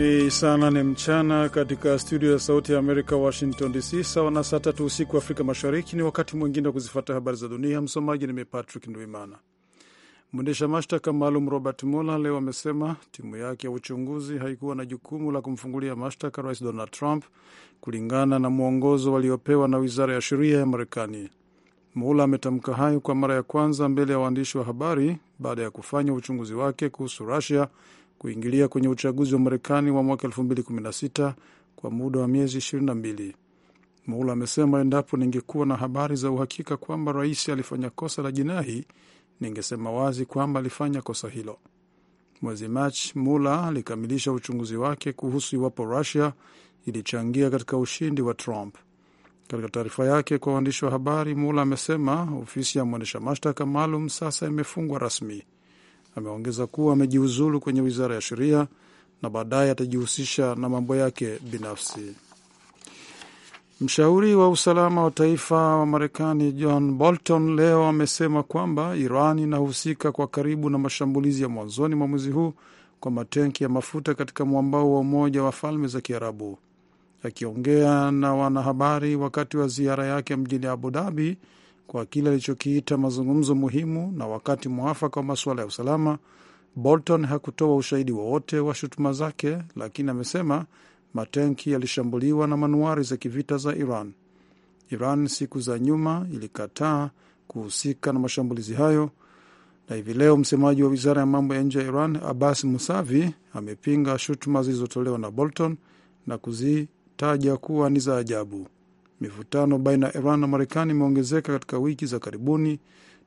Ni saa nane mchana katika studio ya Sauti ya Amerika, Washington DC, sawa na saa tatu usiku Afrika Mashariki. Ni wakati mwingine wa kuzifata habari za dunia. Msomaji ni mimi Patrick Ndwimana. Mwendesha mashtaka maalum Robert Mueller leo amesema timu yake ya uchunguzi haikuwa na jukumu la kumfungulia mashtaka Rais Donald Trump kulingana na mwongozo waliopewa na wizara ya sheria ya Marekani. Mueller ametamka hayo kwa mara ya kwanza mbele ya waandishi wa habari baada ya kufanya uchunguzi wake kuhusu Rusia kuingilia kwenye uchaguzi wa Marekani wa mwaka 2016 kwa muda wa miezi 22. mula amesema, endapo ningekuwa na habari za uhakika kwamba rais alifanya kosa la jinai, ningesema wazi kwamba alifanya kosa hilo. Mwezi Machi, mula alikamilisha uchunguzi wake kuhusu iwapo Rusia ilichangia katika ushindi wa Trump. Katika taarifa yake kwa waandishi wa habari, mula amesema ofisi ya mwendesha mashtaka maalum sasa imefungwa rasmi. Ameongeza kuwa amejiuzulu kwenye wizara ya sheria na baadaye atajihusisha na mambo yake binafsi. Mshauri wa usalama wa taifa wa Marekani John Bolton leo amesema kwamba Iran inahusika kwa karibu na mashambulizi ya mwanzoni mwa mwezi huu kwa matenki ya mafuta katika mwambao wa Umoja wa Falme za Kiarabu. Akiongea na wanahabari wakati wa ziara yake mjini Abu Dhabi kwa kile alichokiita mazungumzo muhimu na wakati mwafaka wa masuala ya usalama. Bolton hakutoa ushahidi wowote wa, wa shutuma zake, lakini amesema matenki yalishambuliwa na manuari za kivita za Iran. Iran siku za nyuma ilikataa kuhusika na mashambulizi hayo, na hivi leo msemaji wa wizara ya mambo ya nje ya Iran Abbas Musavi amepinga shutuma zilizotolewa na Bolton na kuzitaja kuwa ni za ajabu. Mivutano baina ya Iran na Marekani imeongezeka katika wiki za karibuni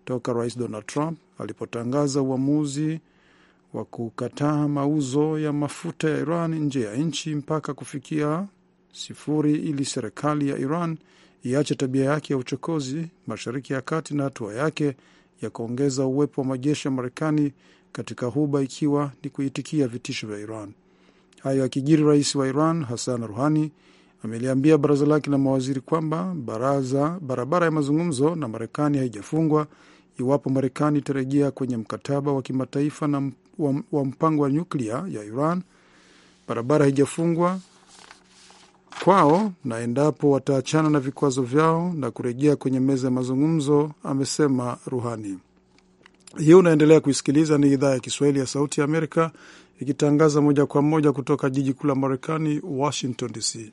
toka Rais Donald Trump alipotangaza uamuzi wa kukataa mauzo ya mafuta ya Iran nje ya nchi mpaka kufikia sifuri ili serikali ya Iran iache tabia yake ya uchokozi Mashariki ya Kati na hatua yake ya kuongeza uwepo wa majeshi ya Marekani katika huba ikiwa ni kuitikia vitisho vya Iran. Hayo akijiri, rais wa Iran Hassan Rouhani ameliambia baraza lake la mawaziri kwamba baraza barabara ya mazungumzo na Marekani haijafungwa iwapo Marekani itarejea kwenye mkataba wa kimataifa na wa mpango wa nyuklia ya Iran. Barabara haijafungwa kwao na endapo wataachana na vikwazo vyao na kurejea kwenye meza ya mazungumzo, amesema Ruhani. Hiyo unaendelea kuisikiliza, ni idhaa ya Kiswahili ya Sauti ya Amerika ikitangaza moja kwa moja kutoka jiji kuu la Marekani, Washington DC.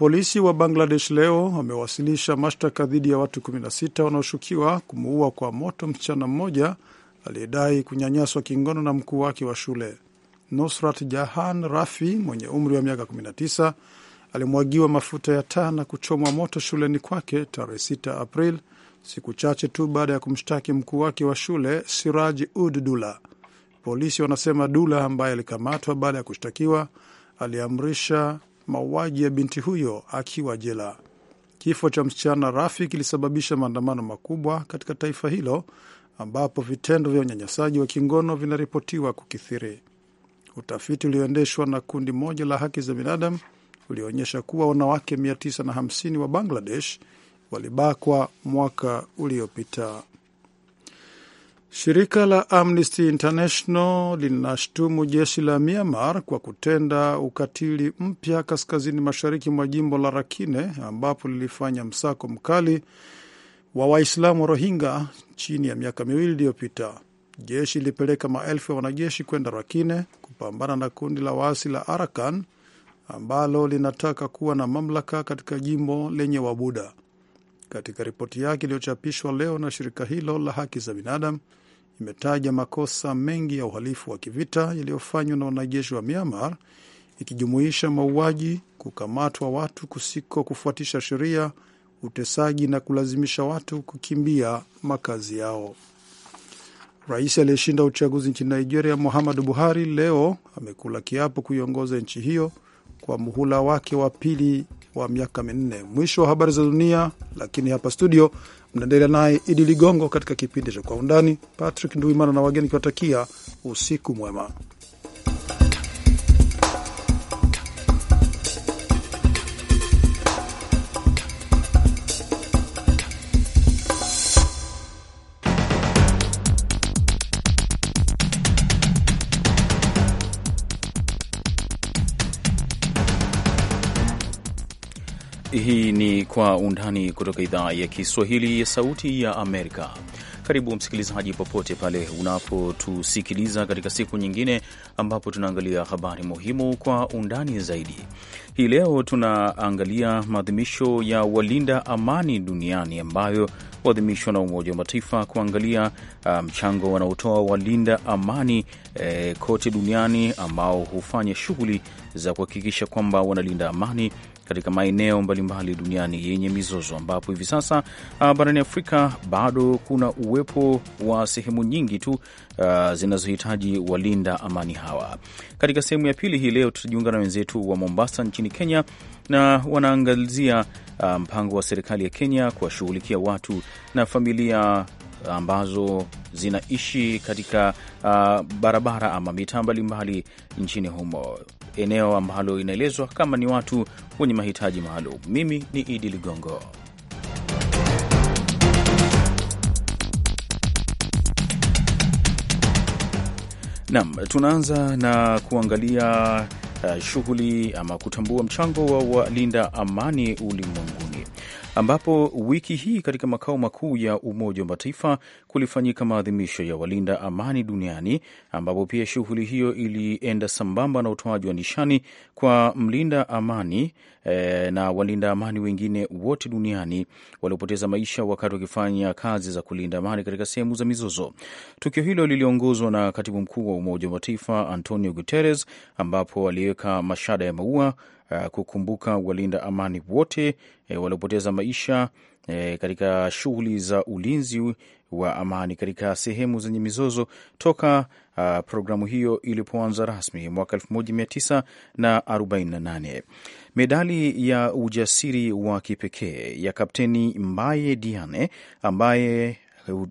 Polisi wa Bangladesh leo wamewasilisha mashtaka dhidi ya watu 16 wanaoshukiwa kumuua kwa moto msichana mmoja aliyedai kunyanyaswa kingono na mkuu wake wa shule. Nusrat Jahan Rafi mwenye umri wa miaka 19 alimwagiwa mafuta ya taa na kuchomwa moto shuleni kwake tarehe 6 April, siku chache tu baada ya kumshtaki mkuu wake wa shule Siraj ud Dula. Polisi wanasema Dula ambaye alikamatwa baada ya kushtakiwa aliamrisha mauaji ya binti huyo akiwa jela. Kifo cha msichana Rafi kilisababisha maandamano makubwa katika taifa hilo ambapo vitendo vya unyanyasaji wa kingono vinaripotiwa kukithiri. Utafiti ulioendeshwa na kundi moja la haki za binadamu ulionyesha kuwa wanawake 950 wa Bangladesh walibakwa mwaka uliopita. Shirika la Amnesty International linashtumu jeshi la Myanmar kwa kutenda ukatili mpya kaskazini mashariki mwa jimbo la Rakhine ambapo lilifanya msako mkali wa Waislamu wa Rohingya chini ya miaka miwili iliyopita. Jeshi lilipeleka maelfu ya wanajeshi kwenda Rakhine kupambana na kundi la waasi la Arakan ambalo linataka kuwa na mamlaka katika jimbo lenye Wabuda. Katika ripoti yake iliyochapishwa leo na shirika hilo la haki za binadamu imetaja makosa mengi ya uhalifu wa kivita yaliyofanywa na wanajeshi wa Myanmar, ikijumuisha mauaji, kukamatwa watu kusiko kufuatisha sheria, utesaji na kulazimisha watu kukimbia makazi yao. Rais aliyeshinda uchaguzi nchini Nigeria, Muhammadu Buhari, leo amekula kiapo kuiongoza nchi hiyo kwa muhula wake wa pili wa miaka minne. Mwisho wa habari za dunia, lakini hapa studio mnaendelea naye Idi Ligongo katika kipindi cha Kwa Undani. Patrick Nduimana na wageni kiwatakia usiku mwema. Hii ni Kwa Undani kutoka idhaa ya Kiswahili ya Sauti ya Amerika. Karibu msikilizaji, popote pale unapotusikiliza katika siku nyingine ambapo tunaangalia habari muhimu kwa undani zaidi. Hii leo tunaangalia maadhimisho ya walinda amani duniani ambayo huadhimishwa na Umoja wa Mataifa, kuangalia uh, mchango um, wanaotoa walinda amani eh, kote duniani ambao hufanya shughuli za kuhakikisha kwamba wanalinda amani katika maeneo mbalimbali duniani yenye mizozo, ambapo hivi sasa ah, barani Afrika bado kuna uwepo wa sehemu nyingi tu uh, zinazohitaji walinda amani hawa. Katika sehemu ya pili hii leo tutajiunga na wenzetu wa Mombasa nchini Kenya, na wanaangazia ah, mpango wa serikali ya Kenya kuwashughulikia watu na familia ambazo zinaishi katika uh, barabara ama mitaa mbalimbali nchini humo eneo ambalo inaelezwa kama ni watu wenye mahitaji maalum. Mimi ni Idi Ligongo. Naam, tunaanza na kuangalia uh, shughuli ama kutambua mchango wa walinda amani ulimwenguni. Marekani, ambapo wiki hii katika makao makuu ya Umoja wa Mataifa kulifanyika maadhimisho ya walinda amani duniani, ambapo pia shughuli hiyo ilienda sambamba na utoaji wa nishani kwa mlinda amani e, na walinda amani wengine wote duniani waliopoteza maisha wakati wakifanya kazi za kulinda amani katika sehemu za mizozo. Tukio hilo liliongozwa na katibu mkuu wa Umoja wa Mataifa Antonio Guterres, ambapo aliweka mashada ya maua Uh, kukumbuka walinda amani wote eh, waliopoteza maisha eh, katika shughuli za ulinzi wa amani katika sehemu zenye mizozo toka uh, programu hiyo ilipoanza rasmi mwaka 1948. Medali ya ujasiri wa kipekee ya Kapteni Mbaye Diane ambaye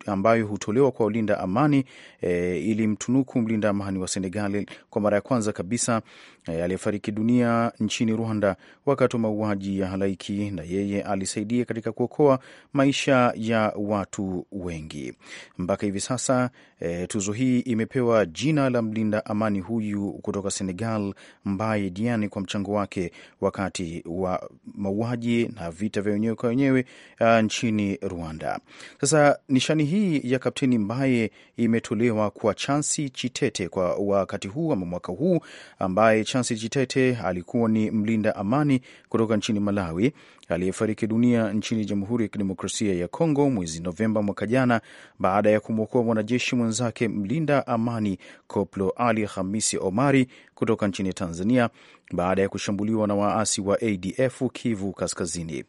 ambayo hutolewa kwa walinda amani e, ilimtunuku mlinda amani wa Senegal kwa mara ya kwanza kabisa Eh, aliyefariki dunia nchini Rwanda wakati wa mauaji ya halaiki, na yeye alisaidia katika kuokoa maisha ya watu wengi. Mpaka hivi sasa e, tuzo hii imepewa jina la mlinda amani huyu kutoka Senegal, Mbaye Diani, kwa mchango wake wakati wa mauaji na vita vya wenyewe kwa wenyewe eh, nchini Rwanda. Sasa nishani hii ya Kapteni Mbaye imetolewa kwa Chansi Chitete kwa wakati huu ama mwaka huu ambaye Chansi Chitete alikuwa ni mlinda amani kutoka nchini Malawi aliyefariki dunia nchini Jamhuri ya Kidemokrasia ya Kongo mwezi Novemba mwaka jana baada ya kumwokoa mwanajeshi mwenzake mlinda amani Koplo Ali Hamisi Omari kutoka nchini Tanzania baada ya kushambuliwa na waasi wa ADF Kivu Kaskazini.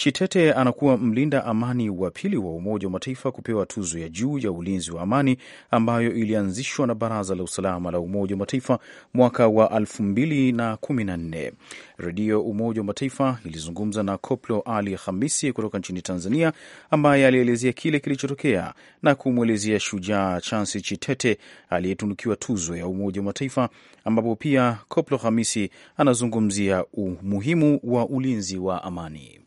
Chitete anakuwa mlinda amani wa pili wa Umoja wa Mataifa kupewa tuzo ya juu ya ulinzi wa amani ambayo ilianzishwa na Baraza la Usalama la Umoja wa Mataifa mwaka wa elfu na kumi Redio Umoja wa Mataifa ilizungumza na Koplo Ali Hamisi kutoka nchini Tanzania, ambaye alielezea kile kilichotokea na kumwelezea shujaa Chansi Chitete aliyetunukiwa tuzo ya Umoja wa Mataifa, ambapo pia Koplo Hamisi anazungumzia umuhimu wa ulinzi wa amani.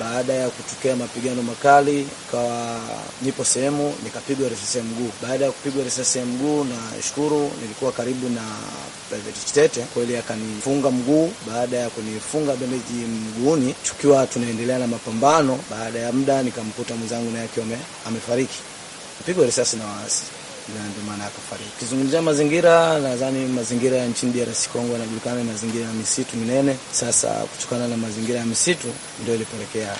Baada ya kutokea mapigano makali, kawa nipo sehemu nikapigwa risasi ya mguu. Baada ya kupigwa risasi ya mguu, na shukuru nilikuwa karibu na private Chitete, kweli akanifunga mguu. Baada ya kunifunga bendeji mguuni, tukiwa tunaendelea na mapambano, baada ya muda nikamkuta mwenzangu naye akiwa amefariki, pigwa risasi na waasi na ndio maana akafariki. Ukizungumzia mazingira, nadhani mazingira ya nchini DRC Kongo yanajulikana na mazingira ya misitu minene. Sasa kutokana na mazingira ya misitu ndio ilipelekea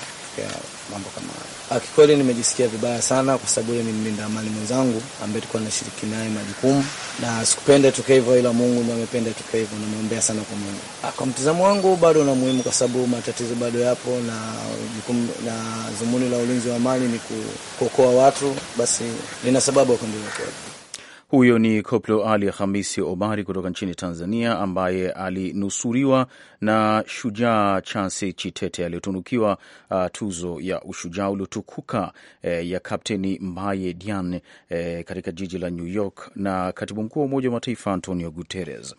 mambo kama hayo. Ah, kikweli nimejisikia vibaya sana, kwa sababu yeye ni mlinda amani mwenzangu ambaye tulikuwa tunashiriki naye majukumu, na sikupenda tukae hivyo, ila Mungu ndiye amependa tukae hivyo, na sana kwa Mungu. Ah, kwa mtazamo wangu bado na muhimu, kwa sababu matatizo bado yapo, na jukumu na dhumuni la ulinzi wa amani ni kuokoa watu, basi lina sababu ya kuendelea. Huyo ni Koplo Ali Hamisi Omari kutoka nchini Tanzania, ambaye alinusuriwa na shujaa Chansi Chitete aliyotunukiwa uh, tuzo ya ushujaa uliotukuka eh, ya Kapteni Mbaye dian eh, katika jiji la New York na katibu mkuu wa Umoja wa Mataifa Antonio Guterres.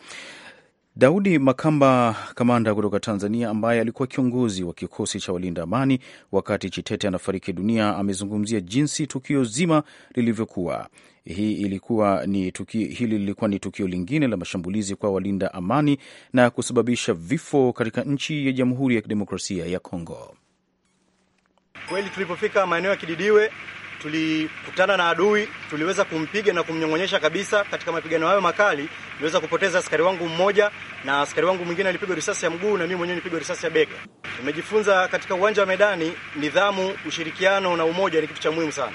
Daudi Makamba, kamanda kutoka Tanzania ambaye alikuwa kiongozi wa kikosi cha walinda amani wakati Chitete anafariki dunia, amezungumzia jinsi tukio zima lilivyokuwa. Hii ilikuwa ni hili lilikuwa ni tukio lingine la mashambulizi kwa walinda amani na kusababisha vifo katika nchi ya Jamhuri ya Kidemokrasia ya Kongo. Kweli tulipofika maeneo ya Kididiwe tulikutana na adui, tuliweza kumpiga na kumnyong'onyesha kabisa. Katika mapigano hayo makali, tuliweza kupoteza askari wangu mmoja na askari wangu mwingine alipigwa risasi ya mguu na mimi mwenyewe nilipigwa risasi ya bega. Nimejifunza katika uwanja wa medani, nidhamu, ushirikiano na umoja ni kitu cha muhimu sana.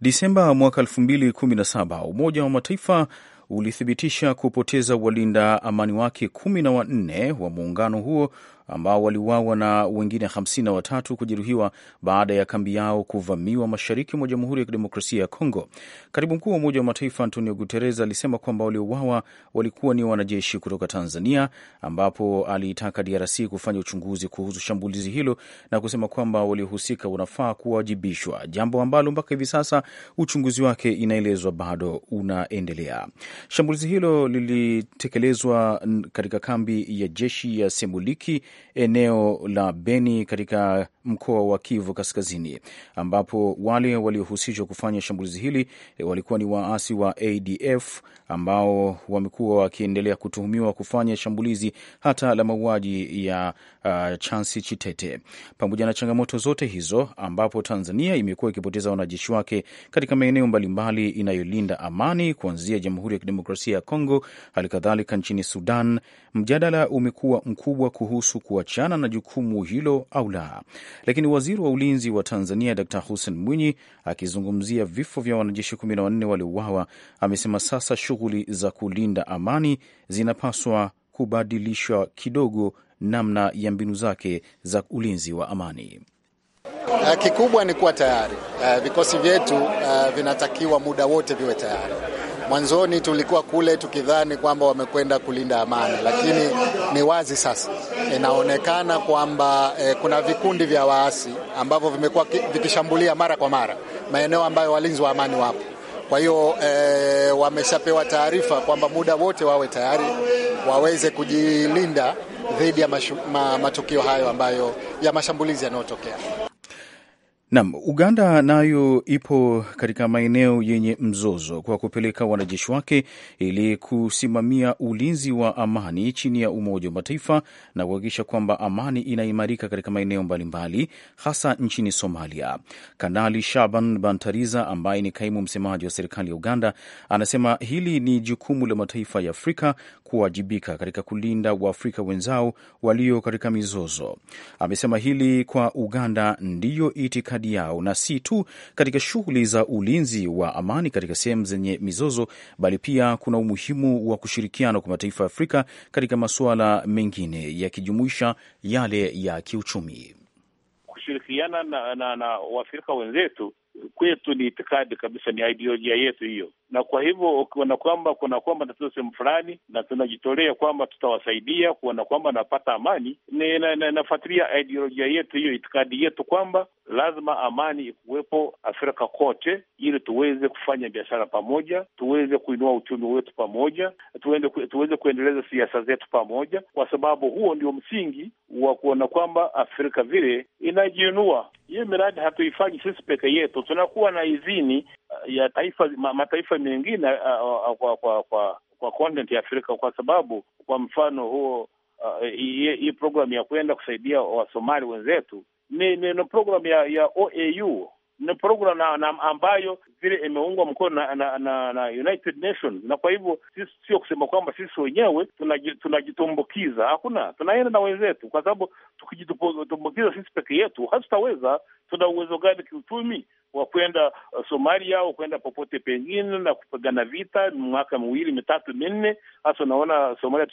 Disemba mwaka 2017 Umoja wa Mataifa ulithibitisha kupoteza walinda amani wake kumi na wanne wa muungano huo ambao waliuawa na wengine 53 kujeruhiwa baada ya kambi yao kuvamiwa mashariki mwa Jamhuri ya Kidemokrasia ya Kongo. Katibu mkuu wa Umoja wa Mataifa Antonio Guterres alisema kwamba waliouawa walikuwa ni wanajeshi kutoka Tanzania, ambapo aliitaka DRC kufanya uchunguzi kuhusu shambulizi hilo na kusema kwamba waliohusika wanafaa kuwajibishwa, jambo ambalo mpaka hivi sasa uchunguzi wake inaelezwa bado unaendelea. Shambulizi hilo lilitekelezwa katika kambi ya jeshi ya Semuliki eneo la Beni katika mkoa wa Kivu Kaskazini, ambapo wale waliohusishwa kufanya shambulizi hili eh, walikuwa ni waasi wa ADF ambao wamekuwa wakiendelea kutuhumiwa kufanya shambulizi hata la mauaji ya uh, Chansi Chitete. Pamoja na changamoto zote hizo, ambapo Tanzania imekuwa ikipoteza wanajeshi wake katika maeneo mbalimbali inayolinda amani, kuanzia Jamhuri ya Kidemokrasia ya Kongo, hali kadhalika nchini Sudan, mjadala umekuwa mkubwa kuhusu kuachana na jukumu hilo au la. Lakini waziri wa ulinzi wa Tanzania Dkt Hussein Mwinyi akizungumzia vifo vya wanajeshi kumi na wanne waliouawa, amesema sasa shughuli za kulinda amani zinapaswa kubadilishwa kidogo namna ya mbinu zake za ulinzi wa amani. Eh, kikubwa ni kuwa tayari eh, vikosi vyetu eh, vinatakiwa muda wote viwe tayari Mwanzoni tulikuwa kule tukidhani kwamba wamekwenda kulinda amani, lakini ni wazi sasa inaonekana kwamba eh, kuna vikundi vya waasi ambavyo vimekuwa vikishambulia mara kwa mara maeneo ambayo walinzi wa amani wapo. Kwa hiyo eh, wameshapewa taarifa kwamba muda wote wawe tayari waweze kujilinda dhidi ya matukio hayo ambayo ya mashambulizi yanayotokea. Nam, Uganda nayo ipo katika maeneo yenye mzozo kwa kupeleka wanajeshi wake ili kusimamia ulinzi wa amani chini ya Umoja wa Mataifa na kuhakikisha kwamba amani inaimarika katika maeneo mbalimbali, hasa nchini Somalia. Kanali Shaban Bantariza ambaye ni kaimu msemaji wa serikali ya Uganda anasema hili ni jukumu la mataifa ya Afrika kuwajibika katika kulinda Waafrika wenzao walio katika mizozo. Amesema hili kwa Uganda ndiyo itikadi yao, na si tu katika shughuli za ulinzi wa amani katika sehemu zenye mizozo, bali pia kuna umuhimu wa kushirikiana kwa mataifa ya Afrika katika masuala mengine yakijumuisha yale ya kiuchumi. Kushirikiana na, na, na Waafrika wenzetu kwetu ni itikadi kabisa, ni idiolojia yetu hiyo na kwa hivyo ukiona kwamba kuna kwamba tatizo sehemu fulani, na tunajitolea kwamba tutawasaidia kuona kwamba napata amani. Nafuatilia na, na ideolojia yetu hiyo, itikadi yetu kwamba lazima amani ikuwepo Afrika kote, ili tuweze kufanya biashara pamoja, tuweze kuinua uchumi wetu pamoja, tuweze, tuweze kuendeleza siasa zetu pamoja, kwa sababu huo ndio msingi wa kuona kwamba Afrika vile inajiinua. Hiyo miradi hatuifanyi sisi peke yetu, tunakuwa na idhini Uh, ya taifa ma, mataifa mengine uh, uh kwa, kwa kwa kwa continent ya Afrika, kwa sababu kwa mfano huo hii uh, programu ya kwenda kusaidia Wasomali wenzetu ni, ni, ni programu ya, ya OAU ni programu na, na ambayo vile imeungwa mkono na, na, na, na United Nations, na kwa hivyo sisi sio kusema kwamba sisi wenyewe tunajitumbukiza, tuna hakuna, tunaenda na wenzetu, kwa sababu tukijitumbukiza sisi peke yetu hatutaweza. Tuna uwezo gani kiuchumi? wa kwenda uh, Somalia au kwenda popote pengine na kupigana vita mwaka miwili mitatu minne. Hasa unaona Somalia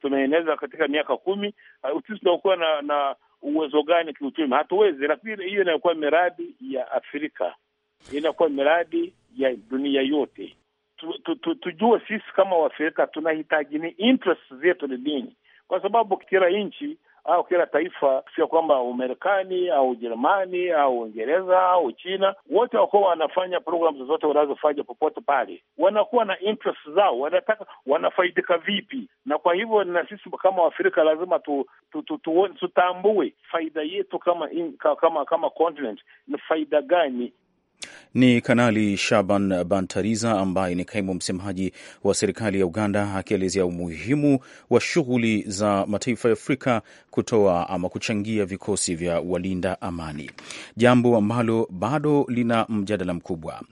tumeeneza katika miaka kumi. Uh, sisi tunakuwa na, na uwezo gani kiuchumi? Hatuwezi. Lakini hiyo inakuwa miradi ya Afrika, inakuwa miradi ya dunia yote. Tu, tu, tu, tujue sisi kama Waafrika tunahitaji ni interest zetu ni nini, kwa sababu kila nchi au kila taifa, sio kwamba umerekani au Ujerumani au Uingereza au china wote wakuwa wanafanya programu zozote wanazofanya popote pale, wanakuwa na interest zao, wanataka wanafaidika vipi. Na kwa hivyo na sisi kama Waafrika lazima tu, tu, tu, tu, tutambue faida yetu kama in, kama kama continent ni faida gani ni Kanali Shaban Bantariza ambaye ni kaimu msemaji wa serikali ya Uganda akielezea umuhimu wa shughuli za mataifa ya Afrika kutoa ama kuchangia vikosi vya walinda amani, jambo ambalo bado lina mjadala mkubwa.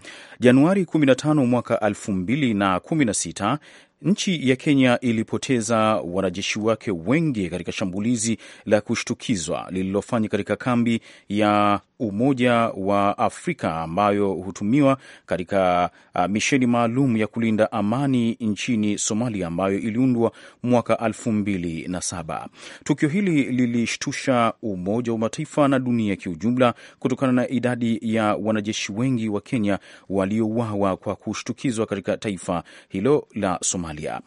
Januari 15 mwaka 2016 Nchi ya Kenya ilipoteza wanajeshi wake wengi katika shambulizi la kushtukizwa lililofanywa katika kambi ya Umoja wa Afrika ambayo hutumiwa katika uh, misheni maalum ya kulinda amani nchini Somalia ambayo iliundwa mwaka elfu mbili na saba. Tukio hili lilishtusha Umoja wa Mataifa na dunia kiujumla kutokana na idadi ya wanajeshi wengi wa Kenya waliouawa kwa kushtukizwa katika taifa hilo la Somalia. Somalia.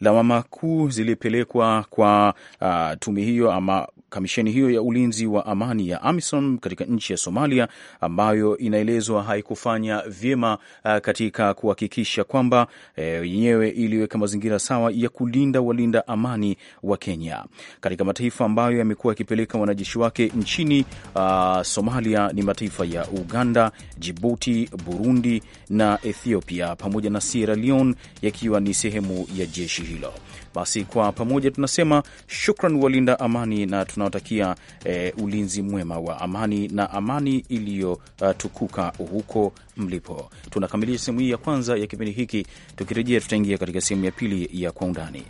Lawama kuu zilipelekwa kwa uh, tume hiyo ama Kamisheni hiyo ya ulinzi wa amani ya AMISOM katika nchi ya Somalia, ambayo inaelezwa haikufanya vyema uh, katika kuhakikisha kwamba uh, yenyewe iliweka mazingira sawa ya kulinda walinda amani wa Kenya katika mataifa ambayo yamekuwa yakipeleka wanajeshi wake nchini uh, Somalia ni mataifa ya Uganda, Jibuti, Burundi na Ethiopia pamoja na Sierra Leone yakiwa ni sehemu ya jeshi hilo. Basi kwa pamoja tunasema shukran walinda amani na tunawatakia eh, ulinzi mwema wa amani na amani iliyotukuka uh, huko mlipo. Tunakamilisha sehemu hii ya kwanza ya kipindi hiki. Tukirejea tutaingia katika sehemu ya pili ya kwa undani.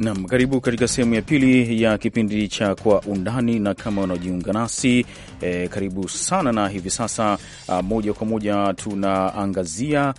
Nam, karibu katika sehemu ya pili ya kipindi cha Kwa Undani, na kama unaojiunga nasi e, karibu sana. Na hivi sasa a, moja kwa moja tunaangazia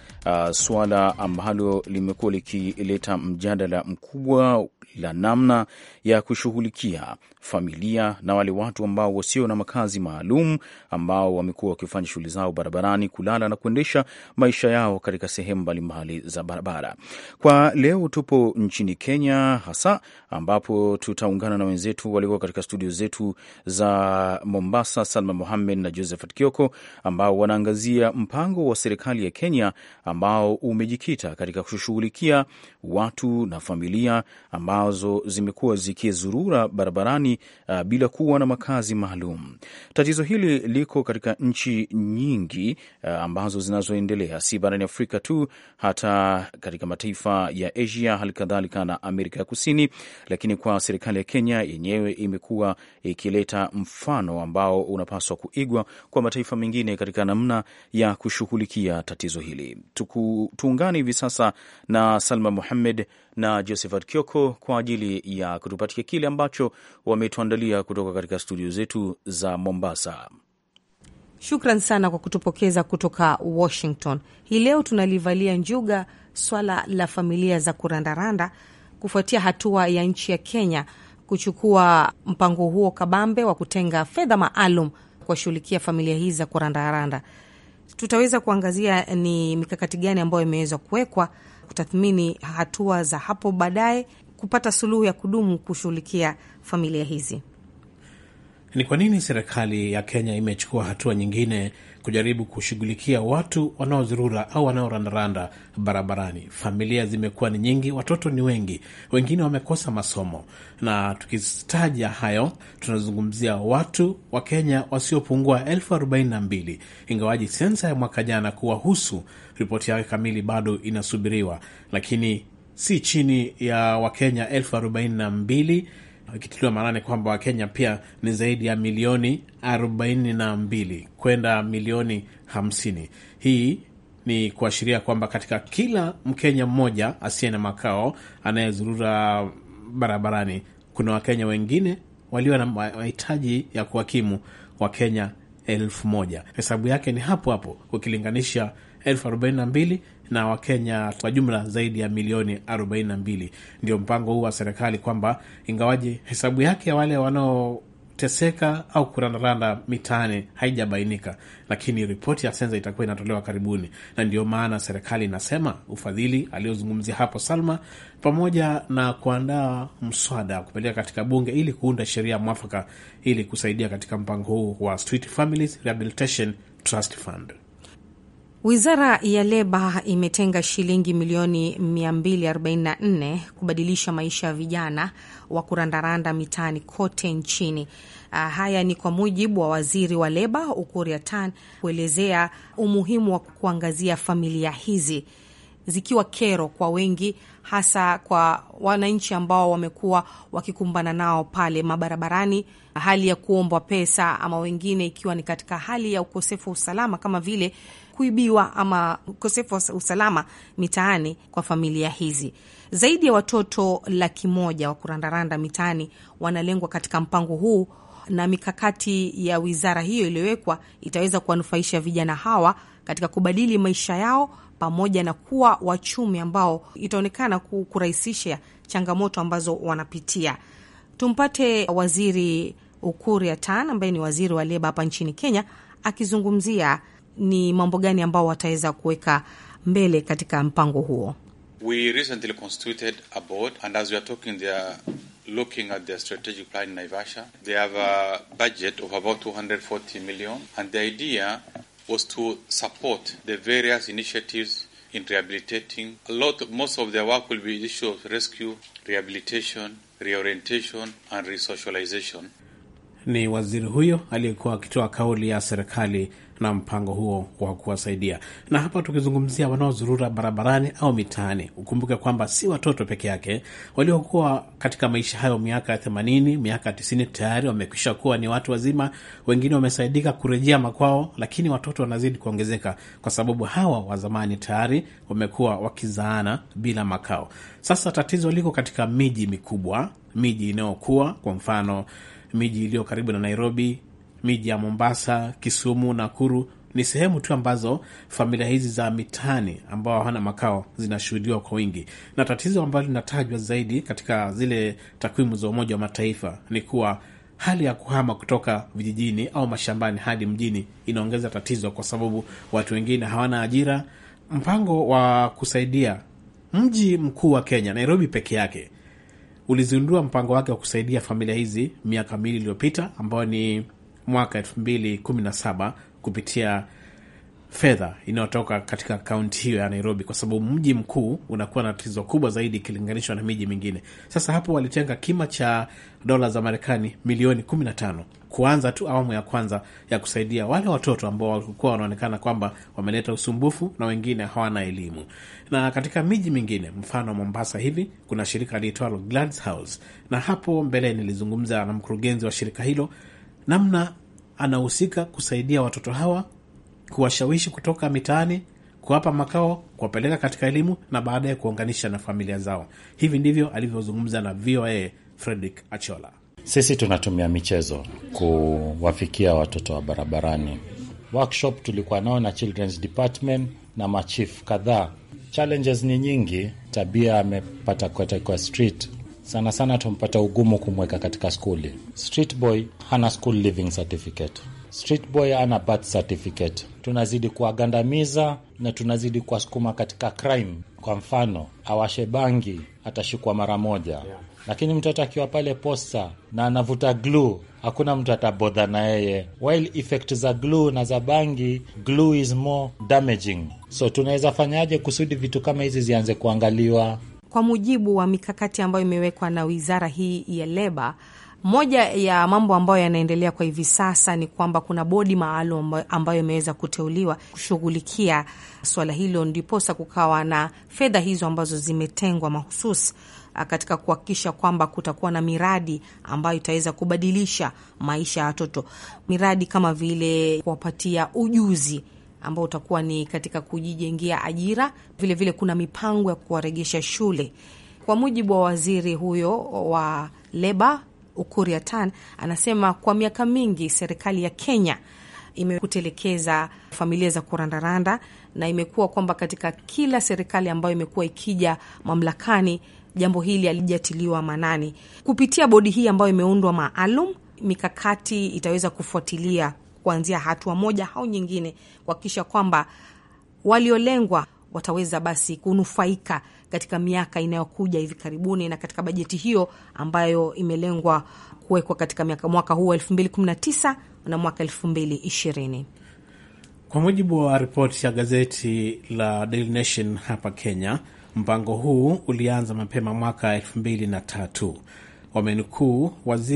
suala ambalo limekuwa likileta mjadala mkubwa la namna ya kushughulikia familia na wale watu ambao wasio na makazi maalum ambao wamekuwa wakifanya shughuli zao barabarani, kulala na kuendesha maisha yao katika sehemu mbalimbali za barabara. Kwa leo tupo nchini Kenya hasa, ambapo tutaungana na wenzetu walikuwa katika studio zetu za Mombasa, Salma Mohamed na Josephat Kioko, ambao wanaangazia mpango wa serikali ya Kenya ambao umejikita katika kushughulikia watu na familia ambao ambazo zimekuwa zikizurura barabarani uh, bila kuwa na makazi maalum. Tatizo hili liko katika nchi nyingi uh, ambazo zinazoendelea, si barani Afrika tu, hata katika mataifa ya Asia, kadhalika na Amerika ya Kusini. Lakini kwa serikali ya Kenya yenyewe imekuwa ikileta mfano ambao unapaswa kuigwa kwa mataifa mengine katika namna ya kushughulikia tatizo hili. Tuku, tuungane hivi sasa na Salma Muhamed na Josephat Kioko kwa ajili ya kutupatia kile ambacho wametuandalia kutoka katika studio zetu za Mombasa. Shukran sana kwa kutupokeza kutoka Washington. Hii leo tunalivalia njuga swala la familia za kurandaranda kufuatia hatua ya nchi ya Kenya kuchukua mpango huo kabambe wa kutenga fedha maalum kuwashughulikia familia hizi za kurandaranda. Tutaweza kuangazia ni mikakati gani ambayo imeweza kuwekwa kutathmini hatua za hapo baadaye kupata suluhu ya kudumu kushughulikia familia hizi. Ni kwa nini serikali ya Kenya imechukua hatua nyingine kujaribu kushughulikia watu wanaozurura au wanaorandaranda barabarani? Familia zimekuwa ni nyingi, watoto ni wengi, wengine wamekosa masomo. Na tukitaja hayo, tunazungumzia watu wa Kenya wasiopungua elfu arobaini na mbili, ingawaji sensa ya mwaka jana kuwahusu ripoti yake kamili bado inasubiriwa, lakini si chini ya Wakenya elfu arobaini na mbili ikitiliwa maanani kwamba Wakenya pia ni zaidi ya milioni 42 kwenda milioni 50. Hii ni kuashiria kwamba katika kila Mkenya mmoja asiye na makao anayezurura barabarani kuna Wakenya wengine walio na mahitaji ya kuwakimu Wakenya elfu moja. Hesabu yake ni hapo hapo ukilinganisha elfu arobaini na mbili na Wakenya kwa jumla zaidi ya milioni 42. Ndio mpango huu wa serikali kwamba ingawaje hesabu yake ya wale wanao teseka au kurandaranda mitaani haijabainika, lakini ripoti ya sensa itakuwa inatolewa karibuni, na ndiyo maana serikali inasema ufadhili aliyozungumzia hapo Salma, pamoja na kuandaa mswada wa kupeleka katika bunge ili kuunda sheria mwafaka ili kusaidia katika mpango huu wa Street Families Rehabilitation Trust Fund. Wizara ya Leba imetenga shilingi milioni 244 kubadilisha maisha ya vijana wa kurandaranda mitaani kote nchini. Ah, haya ni kwa mujibu wa waziri wa Leba Ukuria Tan kuelezea umuhimu wa kuangazia familia hizi zikiwa kero kwa wengi, hasa kwa wananchi ambao wamekuwa wakikumbana nao pale mabarabarani, hali ya kuombwa pesa ama wengine ikiwa ni katika hali ya ukosefu wa usalama kama vile kuibiwa ama ukosefu wa usalama mitaani kwa familia hizi. Zaidi ya watoto laki moja wa kurandaranda mitaani wanalengwa katika mpango huu, na mikakati ya wizara hiyo iliyowekwa itaweza kuwanufaisha vijana hawa katika kubadili maisha yao pamoja na kuwa wachumi ambao itaonekana kurahisisha changamoto ambazo wanapitia. Tumpate Waziri Ukur Yatani ambaye ni waziri wa leba hapa nchini Kenya akizungumzia ni mambo gani ambao wataweza kuweka mbele katika mpango huo? We recently constituted a board and as we are talking they are looking at their strategic plan in Naivasha. They have a budget of about 240 million and the idea was to support the various initiatives in rehabilitating. A lot, most of their work will be issue of rescue, rehabilitation, reorientation and resocialization. Ni waziri huyo aliyekuwa akitoa kauli ya serikali na mpango huo wa kuwasaidia. Na hapa tukizungumzia wanaozurura barabarani au mitaani, ukumbuke kwamba si watoto peke yake waliokuwa katika maisha hayo miaka ya themanini, miaka tisini, tayari wamekwisha kuwa ni watu wazima, wengine wamesaidika kurejea makwao, lakini watoto wanazidi kuongezeka kwa sababu hawa wa zamani tayari wamekuwa wakizaana bila makao. Sasa tatizo liko katika miji mikubwa, miji inayokuwa, kwa mfano miji iliyo karibu na Nairobi, Miji ya Mombasa, Kisumu, Nakuru ni sehemu tu ambazo familia hizi za mitaani ambao hawana makao zinashuhudiwa kwa wingi, na tatizo ambalo linatajwa zaidi katika zile takwimu za Umoja wa Mataifa ni kuwa hali ya kuhama kutoka vijijini au mashambani hadi mjini inaongeza tatizo, kwa sababu watu wengine hawana ajira. Mpango wa kusaidia mji mkuu wa Kenya, Nairobi, peke yake ulizindua mpango wake wa kusaidia familia hizi miaka miwili iliyopita, ambao ni mwaka 2017 kupitia fedha inayotoka katika kaunti hiyo ya Nairobi, kwa sababu mji mkuu unakuwa na tatizo kubwa zaidi ikilinganishwa na miji mingine. Sasa hapo walitenga kima cha dola za Marekani milioni 15 kuanza tu awamu ya kwanza ya kusaidia wale watoto ambao walikuwa wanaonekana kwamba wameleta usumbufu na wengine hawana elimu. Na katika miji mingine, mfano Mombasa hivi, kuna shirika liitwalo Glad's House, na hapo mbele nilizungumza na mkurugenzi wa shirika hilo namna anahusika kusaidia watoto hawa, kuwashawishi kutoka mitaani, kuwapa makao, kuwapeleka katika elimu na baadaye kuunganisha na familia zao. Hivi ndivyo alivyozungumza na VOA Fredrick Achola. Sisi tunatumia michezo kuwafikia watoto wa barabarani. Workshop tulikuwa nao na children's department na machief kadhaa. Challenges ni nyingi, tabia amepata kote kwa street sana sana tumpata ugumu kumweka katika skuli. Street boy hana school living certificate, street boy birth certificate. Tunazidi kuwagandamiza na tunazidi kuwasukuma katika crime. Kwa mfano, awashe bangi atashikwa mara moja yeah. Lakini mtoto akiwa pale posta na anavuta gluu, hakuna mtu atabodha na yeye, while effect za gluu na za bangi, gluu is more damaging. So tunaweza fanyaje kusudi vitu kama hizi zianze kuangaliwa? kwa mujibu wa mikakati ambayo imewekwa na wizara hii ya leba, moja ya mambo ambayo yanaendelea kwa hivi sasa ni kwamba kuna bodi maalum ambayo imeweza kuteuliwa kushughulikia swala hilo, ndiposa kukawa na fedha hizo ambazo zimetengwa mahususi katika kuhakikisha kwamba kutakuwa na miradi ambayo itaweza kubadilisha maisha ya watoto, miradi kama vile kuwapatia ujuzi ambao utakuwa ni katika kujijengea ajira. Vilevile vile kuna mipango ya kuwaregesha shule. Kwa mujibu wa waziri huyo wa leba Ukuriatan, anasema kwa miaka mingi serikali ya Kenya imekutelekeza familia za kurandaranda na imekuwa kwamba katika kila serikali ambayo imekuwa ikija mamlakani jambo hili halijatiliwa manani Kupitia bodi hii ambayo imeundwa maalum, mikakati itaweza kufuatilia kuanzia hatua moja au nyingine, kuhakikisha kwamba waliolengwa wataweza basi kunufaika katika miaka inayokuja hivi karibuni, na katika bajeti hiyo ambayo imelengwa kuwekwa katika miaka mwaka huu 2019 na mwaka 2020. Kwa mujibu wa ripoti ya gazeti la Daily Nation hapa Kenya, mpango huu ulianza mapema mwaka tatu. Wamenukuu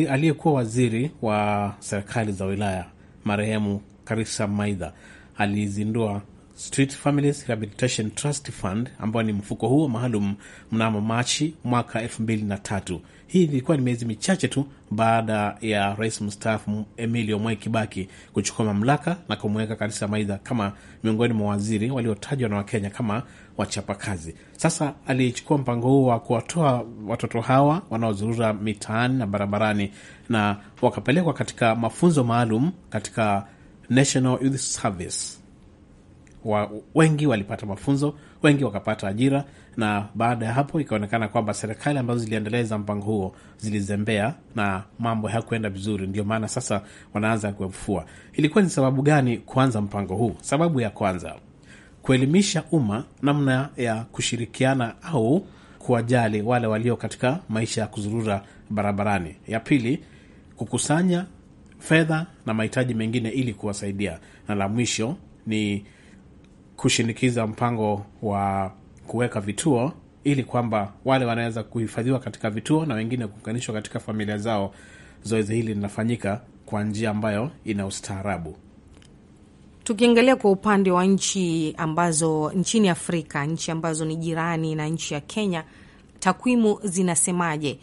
aliyekuwa waziri wa serikali za wilaya marehemu Karisa maidha alizindua Street Families Rehabilitation Trust Fund ambao ni mfuko huo maalum mnamo Machi mwaka elfu mbili na tatu. Hii ilikuwa ni miezi michache tu baada ya rais mstaafu Emilio Mwai Kibaki kuchukua mamlaka na kumweka Karisa Maitha kama miongoni mwa waziri waliotajwa na Wakenya kama wachapakazi. Sasa alichukua mpango huo wa kuwatoa watoto hawa wanaozurura mitaani na barabarani, na wakapelekwa katika mafunzo maalum katika National Youth Service wa, wengi walipata mafunzo, wengi wakapata ajira, na baada ya hapo ikaonekana kwamba serikali ambazo ziliendeleza mpango huo zilizembea na mambo hayakuenda vizuri. Ndio maana sasa wanaanza kuefufua. Ilikuwa ni sababu gani kuanza mpango huu? Sababu ya kwanza, kuelimisha umma namna ya kushirikiana au kuwajali wale walio katika maisha ya kuzurura barabarani. Ya pili, kukusanya fedha na mahitaji mengine ili kuwasaidia, na la mwisho ni kushinikiza mpango wa kuweka vituo ili kwamba wale wanaweza kuhifadhiwa katika vituo na wengine kuunganishwa katika familia zao. Zoezi hili linafanyika kwa njia ambayo ina ustaarabu. Tukiangalia kwa upande wa nchi ambazo nchini Afrika, nchi ambazo ni jirani na nchi ya Kenya, takwimu zinasemaje?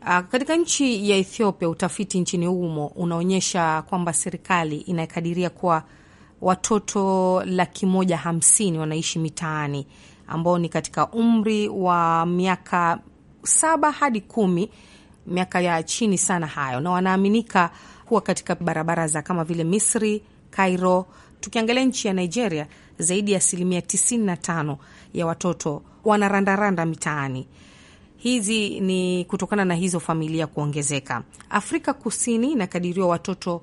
Ah, katika nchi ya Ethiopia, utafiti nchini humo unaonyesha kwamba serikali inakadiria kuwa watoto laki moja hamsini wanaishi mitaani ambao ni katika umri wa miaka saba hadi kumi, miaka ya chini sana hayo, na wanaaminika kuwa katika barabara za kama vile Misri, Cairo. Tukiangalia nchi ya Nigeria, zaidi ya asilimia 95 ya watoto wanarandaranda mitaani. Hizi ni kutokana na hizo familia kuongezeka. Afrika Kusini inakadiriwa watoto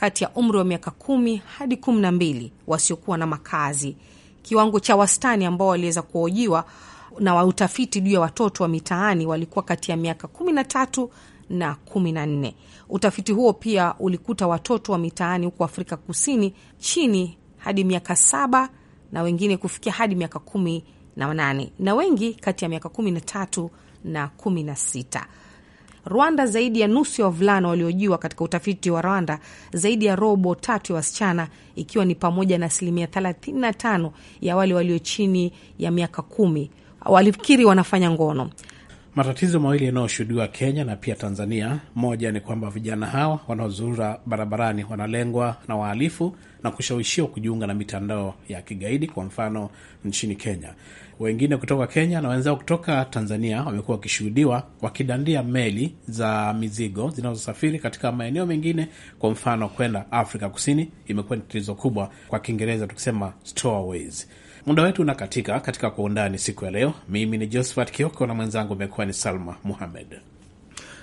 kati ya umri wa miaka kumi hadi kumi na mbili wasiokuwa na makazi. Kiwango cha wastani ambao waliweza kuhojiwa na utafiti juu ya watoto wa mitaani walikuwa kati ya miaka kumi na tatu na kumi na nne. Utafiti huo pia ulikuta watoto wa mitaani huko Afrika Kusini chini hadi miaka saba na wengine kufikia hadi miaka kumi na nane na wengi kati ya miaka kumi na tatu na kumi na sita. Rwanda, zaidi ya nusu ya wavulana waliojiwa katika utafiti wa Rwanda, zaidi ya robo tatu ya wasichana, ikiwa ni pamoja na asilimia 35 ya wale walio chini ya miaka kumi walifikiri wanafanya ngono. Matatizo mawili yanayoshuhudiwa Kenya na pia Tanzania, moja ni kwamba vijana hawa wanaozurura barabarani wanalengwa na wahalifu na kushawishiwa kujiunga na mitandao ya kigaidi, kwa mfano nchini Kenya wengine kutoka Kenya na wenzao kutoka Tanzania wamekuwa wakishuhudiwa wakidandia meli za mizigo zinazosafiri katika maeneo mengine, kwa mfano kwenda Afrika Kusini. Imekuwa ni tatizo kubwa, kwa Kiingereza tukisema stowaways. Muda wetu unakatika katika Kwa Undani siku ya leo. Mimi ni Josephat Kioko na mwenzangu amekuwa ni Salma Muhamed.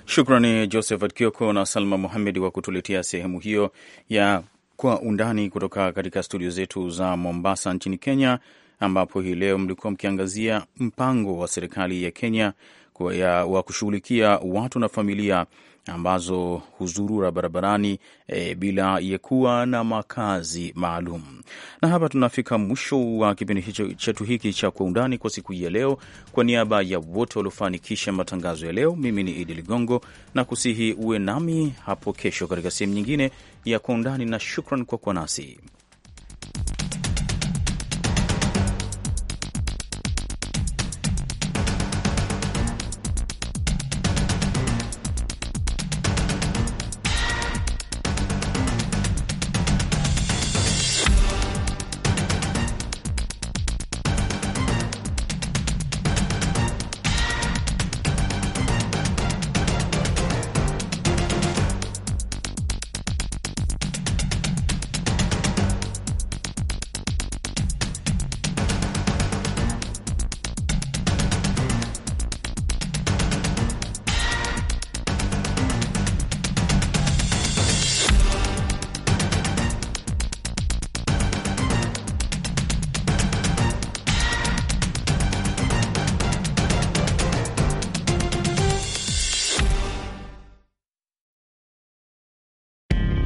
Shukrani Josephat Kioko na Salma Muhamed kwa kutuletea sehemu hiyo ya Kwa Undani kutoka katika studio zetu za Mombasa nchini Kenya ambapo hii leo mlikuwa mkiangazia mpango wa serikali ya Kenya ya, wa kushughulikia watu na familia ambazo huzurura barabarani e, bila ya kuwa na makazi maalum. Na hapa tunafika mwisho wa kipindi hicho chetu hiki cha Kwa Undani kwa siku hii ya leo. Kwa niaba ya wote waliofanikisha matangazo ya leo, mimi ni Idi Ligongo na kusihi uwe nami hapo kesho katika sehemu nyingine ya Kwa Undani, na shukran kwa kuwa nasi.